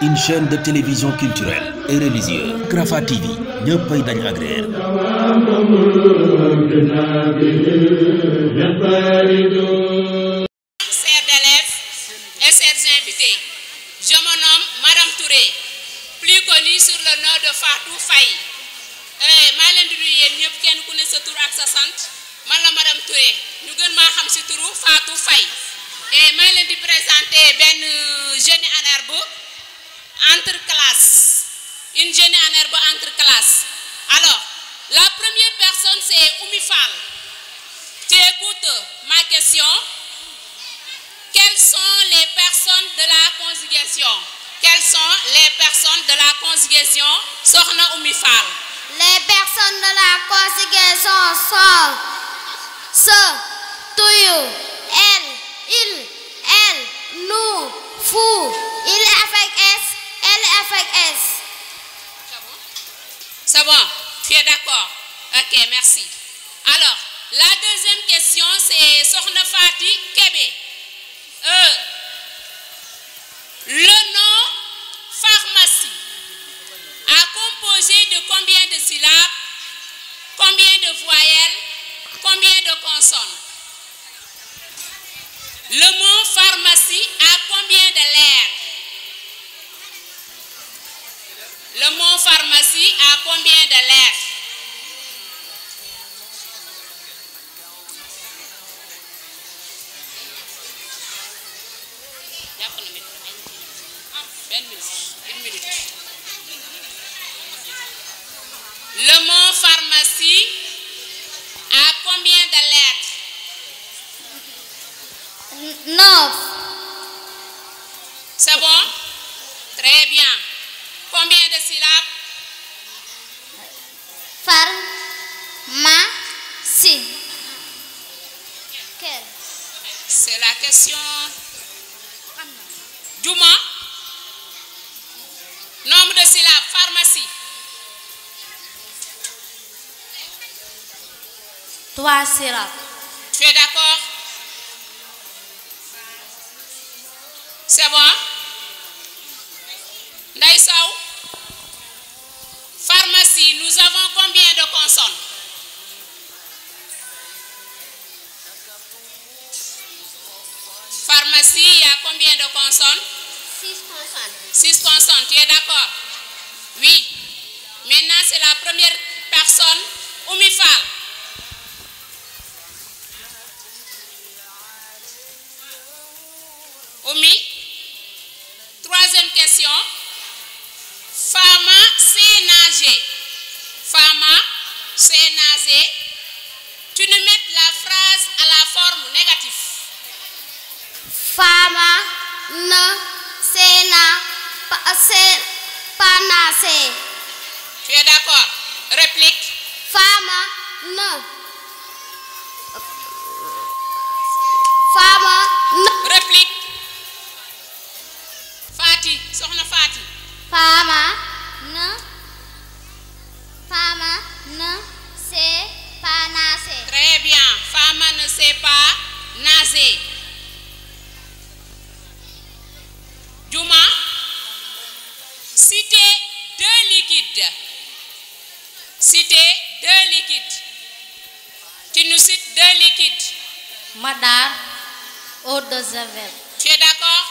une chaîne de télévision culturelle et religieuse Rafah TV ñëppay dañ agréer Je me nomme Madame Touré plus connue sur le nom de Fatou Faye eh, maa leen di nuyu yéen ñëpp kenn ku ne sa tur ak sa sant man la Madame Touré ñu gën maa xam ci turu Fatou Faye et eh, maa leen di présenter benn jeune en entre classes, une jeune anerbe entre classes. Alors, la première personne, c'est Oumifal. Tu écoutes ma question. Quelles sont les personnes de la conjugation Quelles sont les personnes de la conjugation Sorna Oumifal. Les personnes de la conjugation sont ce, tuyau, elle, il, elle, nous, vous, il avec S. L, F ak la deuxième question, c'est Sokhna Fati euh, le nom pharmacie a composé de combien de syllabes? Combien de voyelles? Combien de consonnes? Le mot pharmacie a combien de lettres? Le mot pharmacie a combien de lettres? Le mot pharmacie a combien de lettres? Neuf. C'est Très bien. Combien de syllabes? Pharmacie. C'est la question. Juma. Nombre de syllabes, pharmacie. Trois syllabes. Tu d'accord? C'est bon? consonnes 6 d'accord Oui. Maintenant, c'est la première personne, Oumifal. Oumi. Troisième question. Fama Sénagé. Fama Sénagé. liquide citer deux liquides de javel tu es d'accord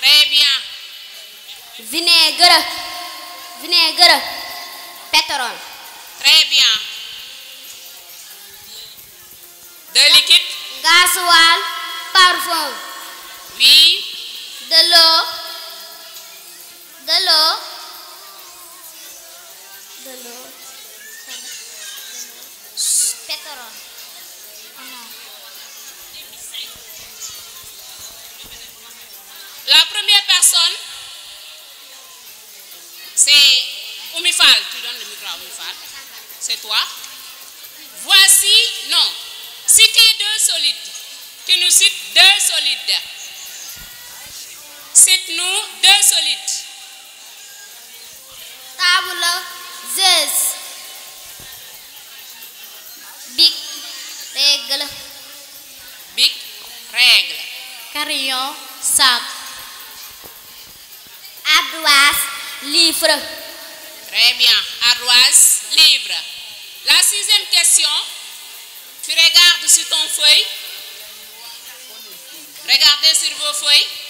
très bien vinaigre pétrole très bien deux liquides gasoil parfum oui The Lord. Peteron. Ano? La première personne, c'est Oumifal. Tu donnes le micro à Oumifal. C'est toi. Voici, non, citez deux solides. Tu nous cites deux solides. Cite-nous deux solides. Tabula. this big règle livre la sixième question tu regardes sur ton feuille regardez sur vos feuilles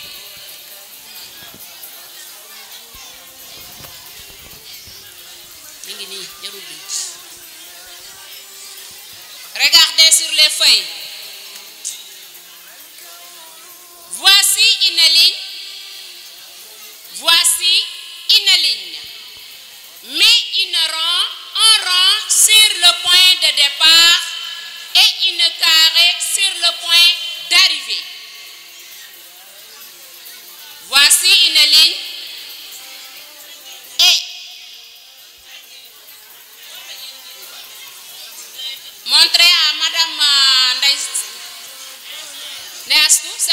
ngi nii jarul bind voici une mais une rang rang sur le point de départ et une sur le point d'arrivée voici une organized. Next, c'est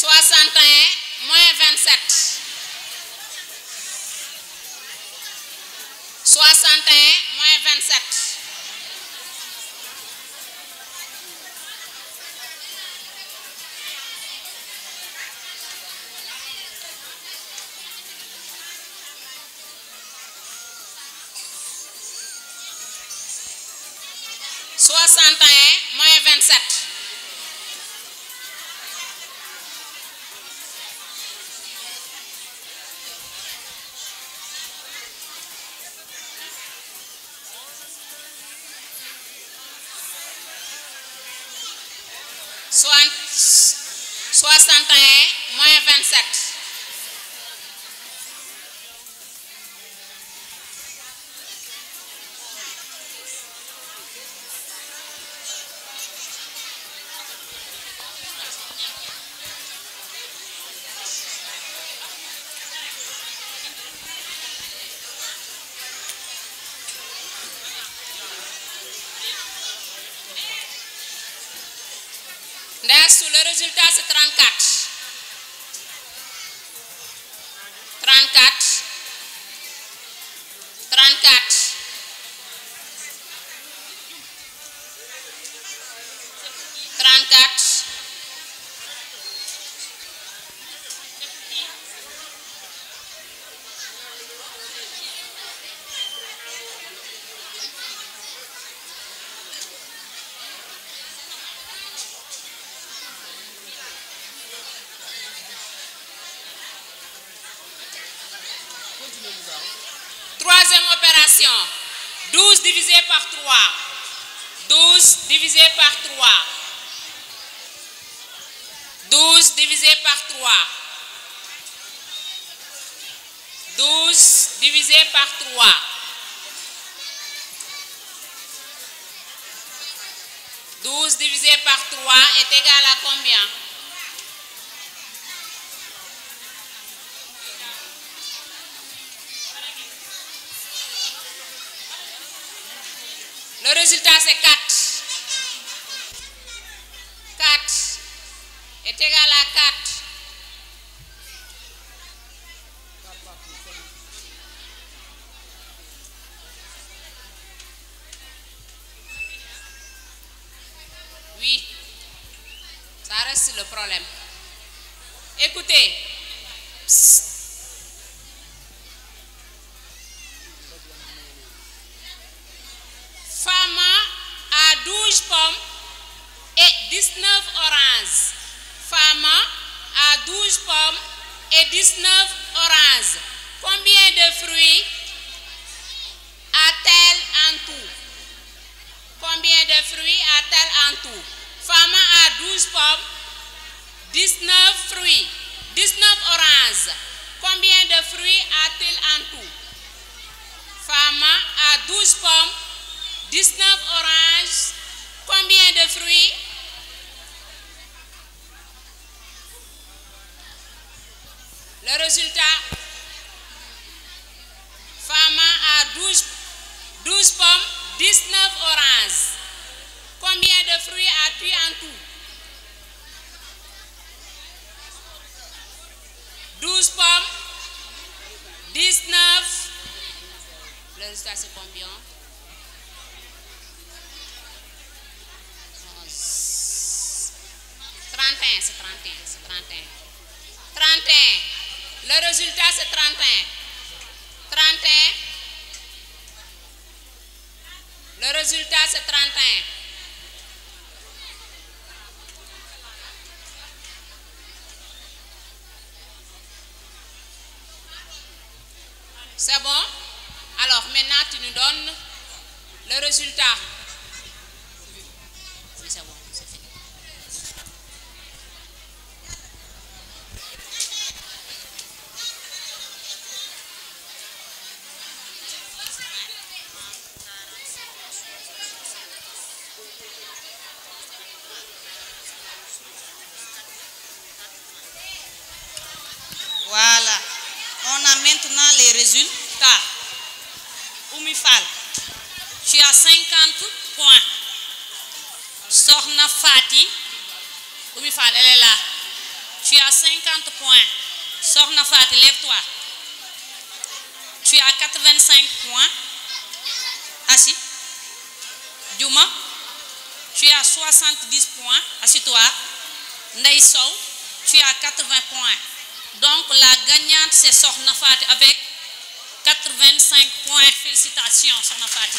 61 moins 27 61 moins 27 vingt et un moins gëstu le résultat c'est 34 34 34 3. 12 divisé par 3. Douze par 3 est combien? Le résultat c'est problème 12 pommes, 19 oranges. Combien de fruits as-tu en tout 12 pommes, Le résultat, c'est combien 31, c'est 31, c'est 31. 31. Le résultat, c'est 31. 31. Le résultat, c'est 31. C'est bon? Alors maintenant, tu nous donnes le résultat. Sokhna Fati Oumy Fall elle est là tu as 50 points Sokhna Fati lève-toi tu as 85 points assis Diouma points assis-toi Ndeye Sow tu as 80 points donc la gagnante c'est Sokhna Fati avec 85 points félicitations Sokhna Fati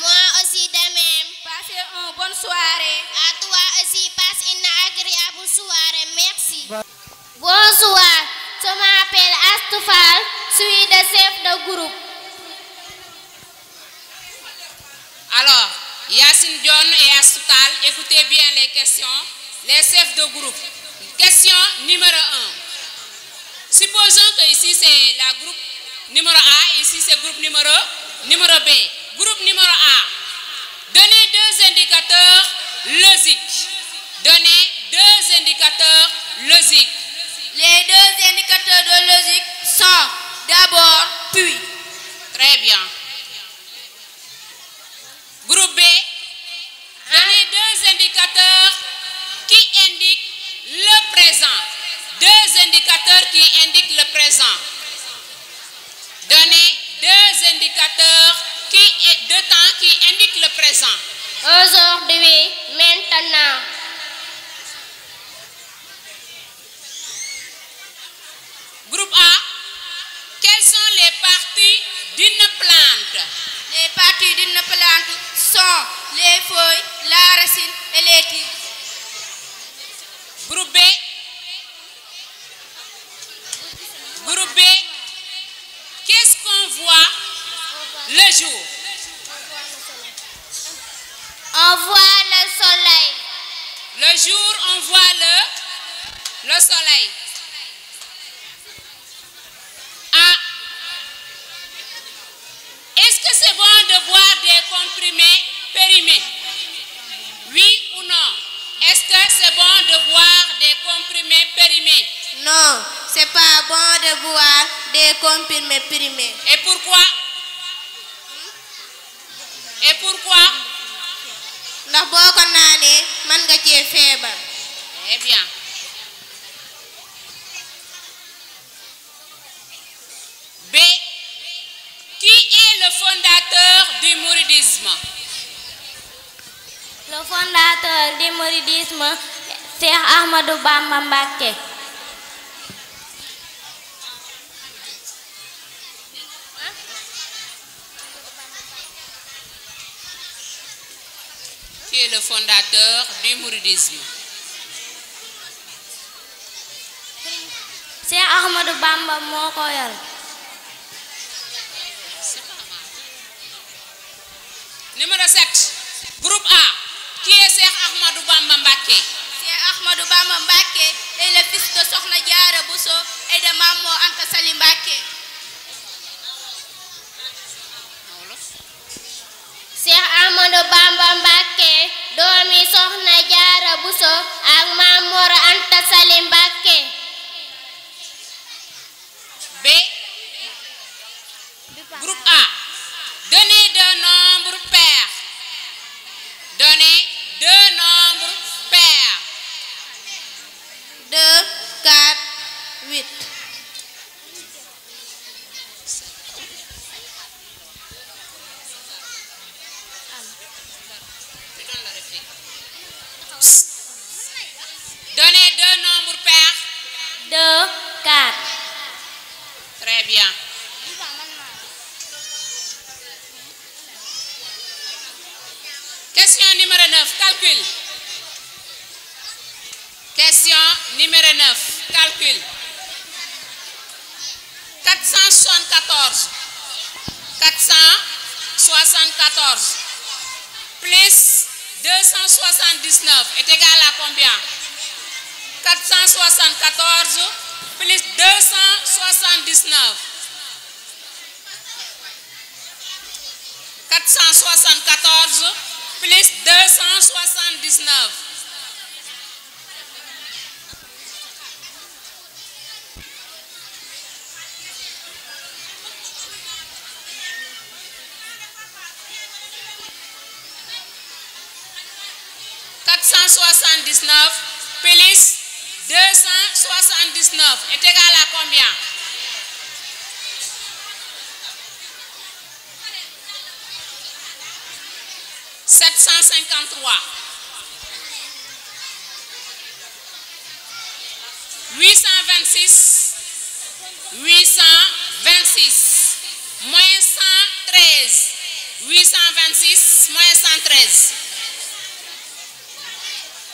Moi aussi de même. Passez une bonne soirée. À toi aussi, passe une agréable soirée. Merci. Bonsoir, je m'appelle Astoufal, suis le chef de groupe. les questions. Les chefs de groupe. Question numéro 1. Supposons que ici c'est la groupe numéro A, ici c'est groupe numéro B. groupe numéro A, donnez deux indicateurs logiques. Donnez deux indicateurs logiques. Les deux indicateurs de logique sont d'abord puis. Très bien. Groupe B, donnez deux indicateurs qui indiquent le présent. Deux indicateurs qui indiquent le présent. Donnez deux indicateurs qui présent. Aujourd'hui, Groupe A. Quelles sont les parties d'une plante? sont les feuilles, la racine et Groupe B. le jour. On voit le soleil. Le jour, on voit le, soleil. Ah. Est-ce que c'est bon de boire des comprimés périmés? Oui ou non? Est-ce que c'est bon de boire des comprimés périmés? Non, c'est pas bon de boire des comprimés périmés. Et pourquoi? pourquoi. ndax boo ko naanee mën nga cee eh Qui est le fondateur du mouridisme? Le fondateur du mouridisme, Cheikh est le fondateur du moo ko yor. Numéro 7. Groupe A. Qui est Cheikh Ahmadou Bamba Mbacké? Cheikh Ahmadou Bamba Mbacké est le fils de Sokhna Diarra Bousso et de Mame Mor Anta Buso ak Maam Mor Anta Sali Mbàkke 279 plus 279 est huit cent vingt-six huit cent vingt-six moins cent treize huit cent vingt-six moins cent treize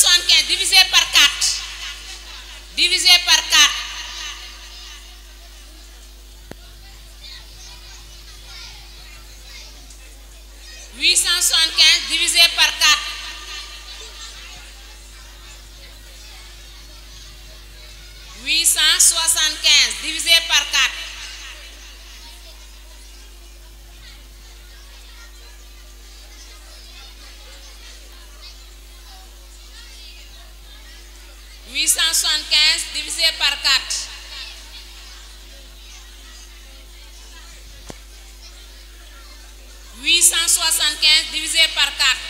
soixante quinze divisé par quatre divisé barkaat huit cent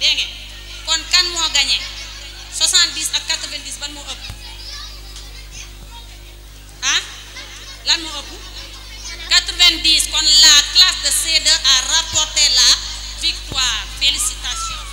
dégg kon kan moo gagné 70 ak 90 ban moo ëpp ah lan moo ëpp 90 kon la classe de C2 a rapporté la victoire félicitations.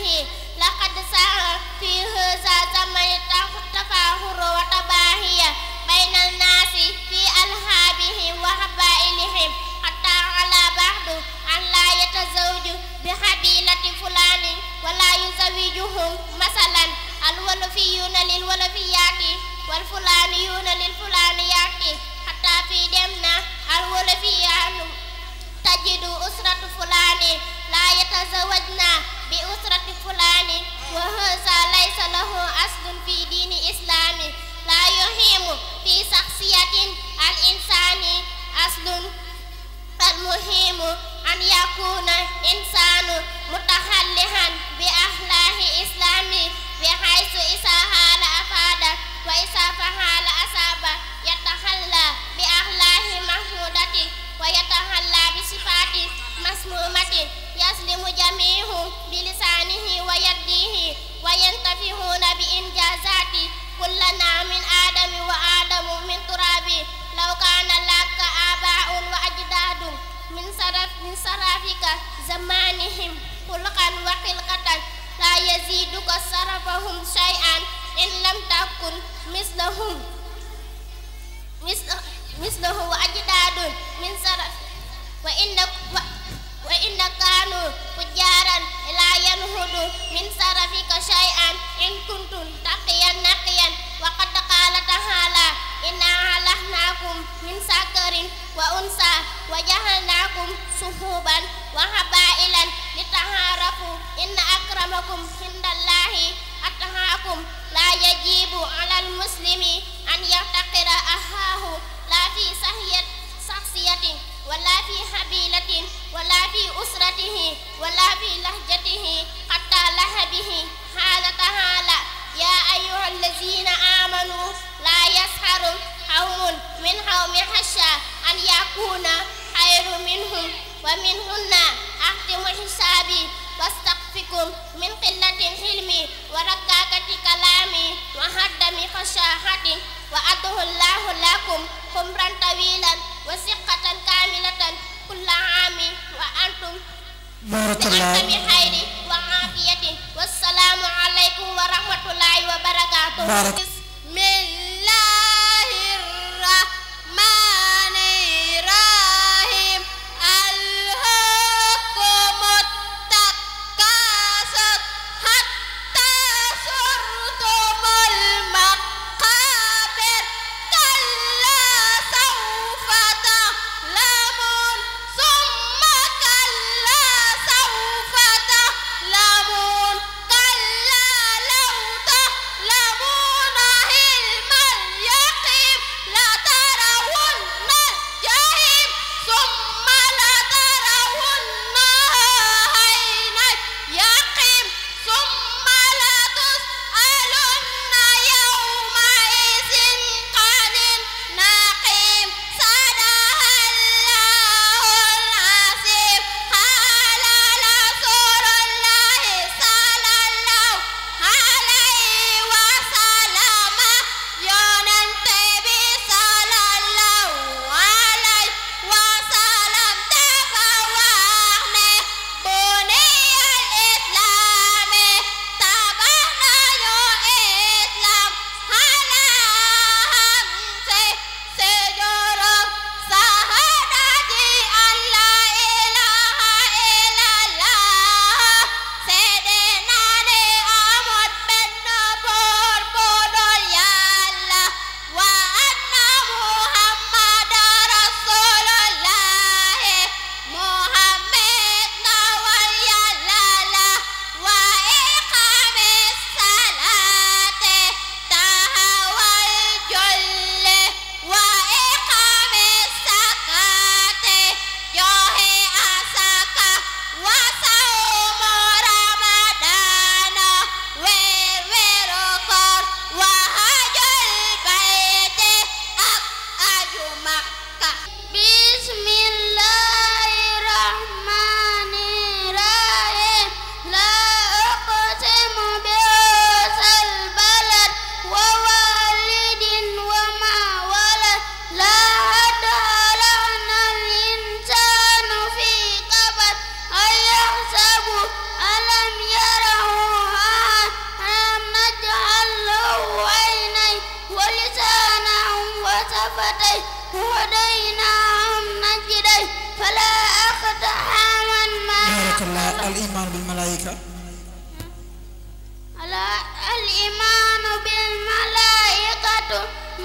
به لقد سعى في هذا الزمن تفاخر وتباهي بين الناس في ألهابهم وحبائلهم حتى على بعض أن لا يتزوج بقبيلة فلان ولا يزوجهم مثلا الولفيون للولفيات والفلانيون للفلانيات حتى في دمنا الولفيان تجد أسرة فلان لا يتزوجنا بأسرة فلان وهذا ليس له أصل في دين الإسلام لا يهم في شخصية الإنسان أصل المهم أن يكون إنسان متخلها بأخلاق إسلامي بحيث إذا حال أفاد وإذا فعل أصاب يتخلى بأخلاق محمودة ويتخلى بصفات مسمومة يسلم جميعهم بلسانه ويديه وينتفعون بإنجازاته كلنا من آدم وآدم من تراب لو كان لك آباء وأجداد من سرف من سرافك زمانهم خلقا وخلقة لا يزيدك سرفهم شيئا إن لم تكن مثلهم مثله أجداد من سرف قلوبا وحبائلا لتعارفوا إن أكرمكم عند الله أتقاكم لا يجب على المسلم أن يحتقر أخاه لا في شخصيته ولا في حبيلته ولا في أسرته ولا في لهجته حتى لهبه قال تعالى يا أيها الذين آمنوا لا يسخر قوم من قوم حشى أن يكون خير منهم ومنهن أختم حسابي واستخفكم من قلة حلمي وركاكة كلامي وهدم فشاحة وأده الله لكم خمرا طويلا وسقة كاملة كل عام وأنتم بارك الله بخير وعافية والسلام عليكم ورحمة الله وبركاته بارك بسم الله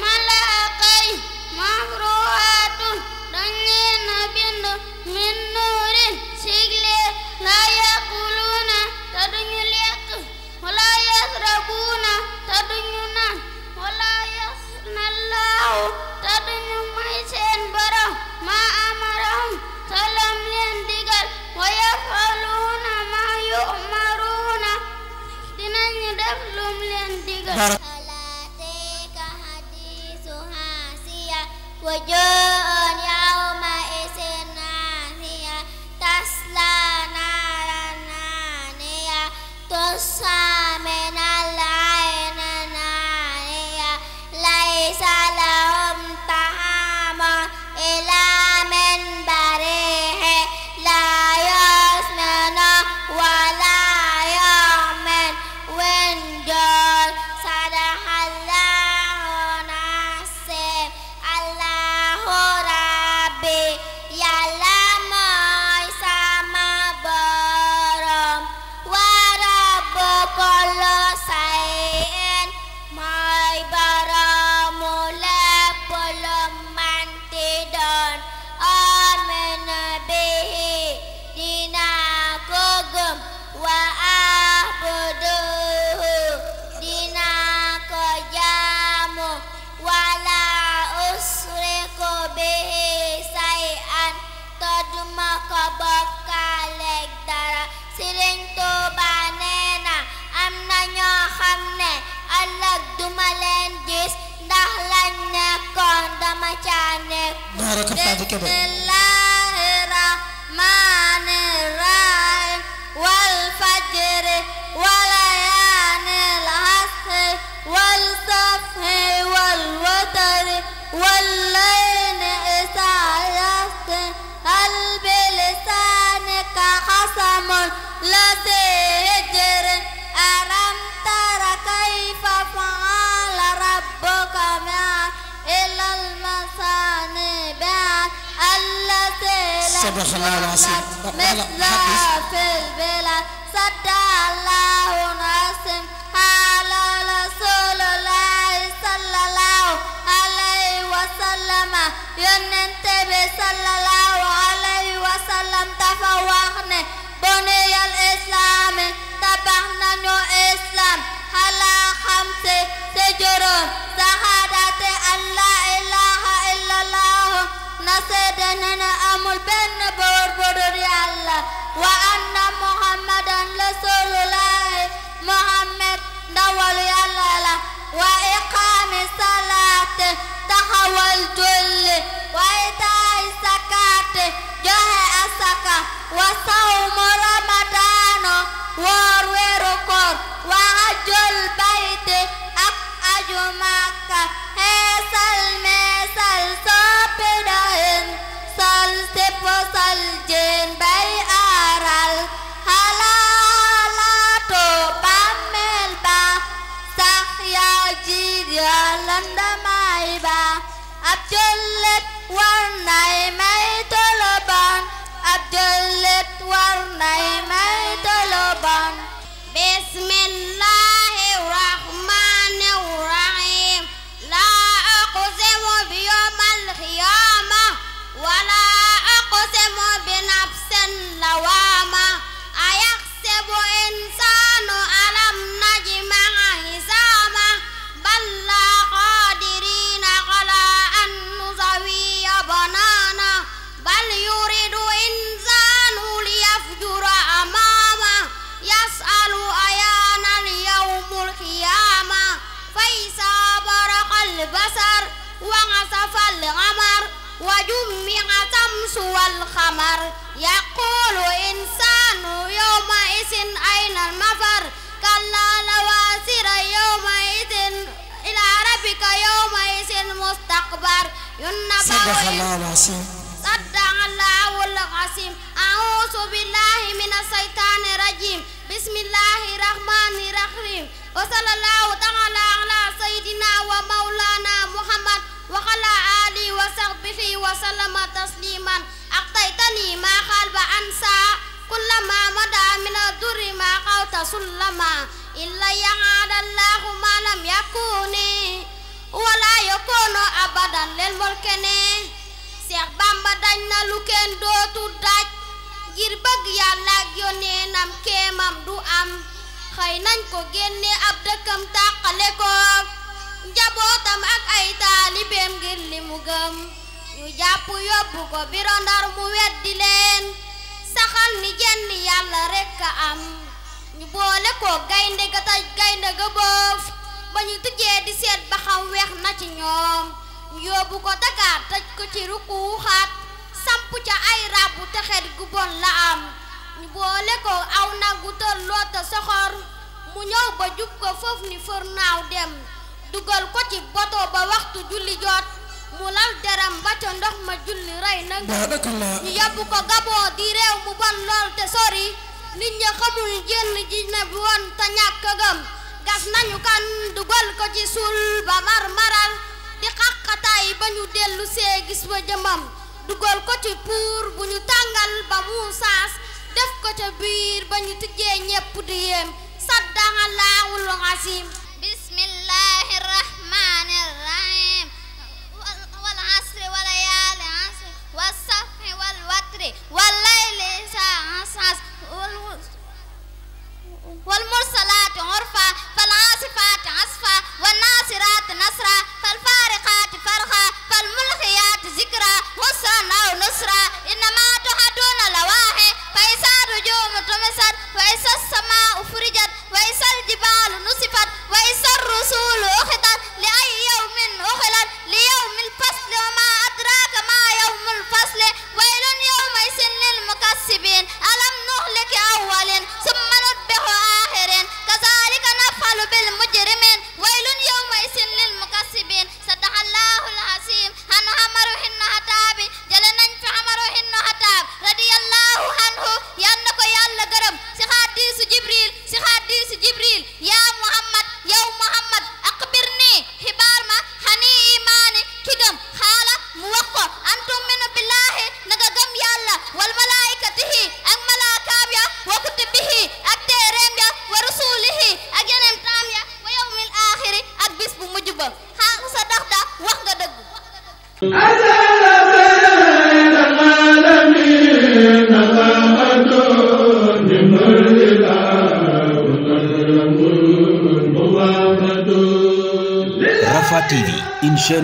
malaaka yi mamruwaatu dañ leen a bind min nuurin sigle laa yakuluuna te duñu lekk wala yasrabuuna te duñu naan wala yasna laahu te duñu may seen borom maa amarahum te lam leen digal wa yafaluuna maa yumaruuna dinañu def lum leen digal وجاء Soxna Rokhaya Faty Kébé صدق الله العظيم مثل في البلاد صدق الله ناصم حال رسول الله صلى الله عليه وسلم ينتبه صلى الله عليه وسلم تفوحنا بني الإسلام تبعنا الإسلام seede ne na amul benn buur bu wa anna muhammadan rasulullahi muhammad ndawal yàlla wa iqaami salaat taxawal julli wa itaay sakaat joxe asaka wa sawmu ramadaano woor weeru koor wa hajjul bayti ju Makka xeesal meesal soppi dahin sol sipp sol jeen bay aaral xalaalaatu bàmmeel ba sax yaa jiir yaa landamaay ba ab jullit war nay may toloban ab jullit war nay may toloban bismillaahi rahmaan الرحمن الرحيم لا أقسم بيوم القيامة ولا أقسم بنفس اللوامة أيحسب إنسان أن والمفر كلا لواسر يومئذ إلى ربك يومئذ المستقبر صدق الله العظيم صدق الله العظيم أعوذ بالله من الشيطان الرجيم بسم الله الرحمن الرحيم وصلى الله تعالى على سيدنا ومولانا محمد وعلى آله وصحبه وسلم تسليما أعطيتني ما قلب أنسى كلما مدى من الدر ما قوت سلما إلا يعاد الله ما لم يكون ولا يكون أبدا للملكن Seex Bamba dañ na lu kenn daj ngir bëgg Yàlla ak yoneenam kéemam du am xëy nañ ko génne ab dëkkam tàqale ko njabootam ak ay taalibeem ngir li gëm ñu jàpp yóbbu ko biro Ndar mu weddi leen saxal ni jenn yàlla rekk a am ñu boole ko gaynde ga taj gaynde ga boof ba ñu tijjee di seet ba xam weex na ci ñoom ñu yóbbu ko Dakar taj ko ci rukuuxaat samp ca ay ràbbu te xet gu bon la am ñu boole ko aw nag gu loota soxor mu ñëw ba jub ko foofu ni fër naaw dem dugal ko ci boto ba waxtu julli jot mu lal deram ba ca ndox ma julli rey nag ñu yóbbu ko gaboo di réew mu bon lool te sori nit ña xamul jénn ji ne woon te ñàkk gëm gas nañu kan dugal ko ci suul ba mar maral di xàqataay ba ñu dellu gis ba jëmam dugal ko ci puur bu ñu tàngal ba mu saas def ko ca biir ba ñu tijjee ñépp di yéem saddaxalaawul xasim والصف والوتر والليل سعصعص والمرسلات عرفا فالعاصفات عصفا والناصرات نصرا فالفارقات فرقا فالملقيات ذكرا غسرا أو نصرا إنما تحدون لواحد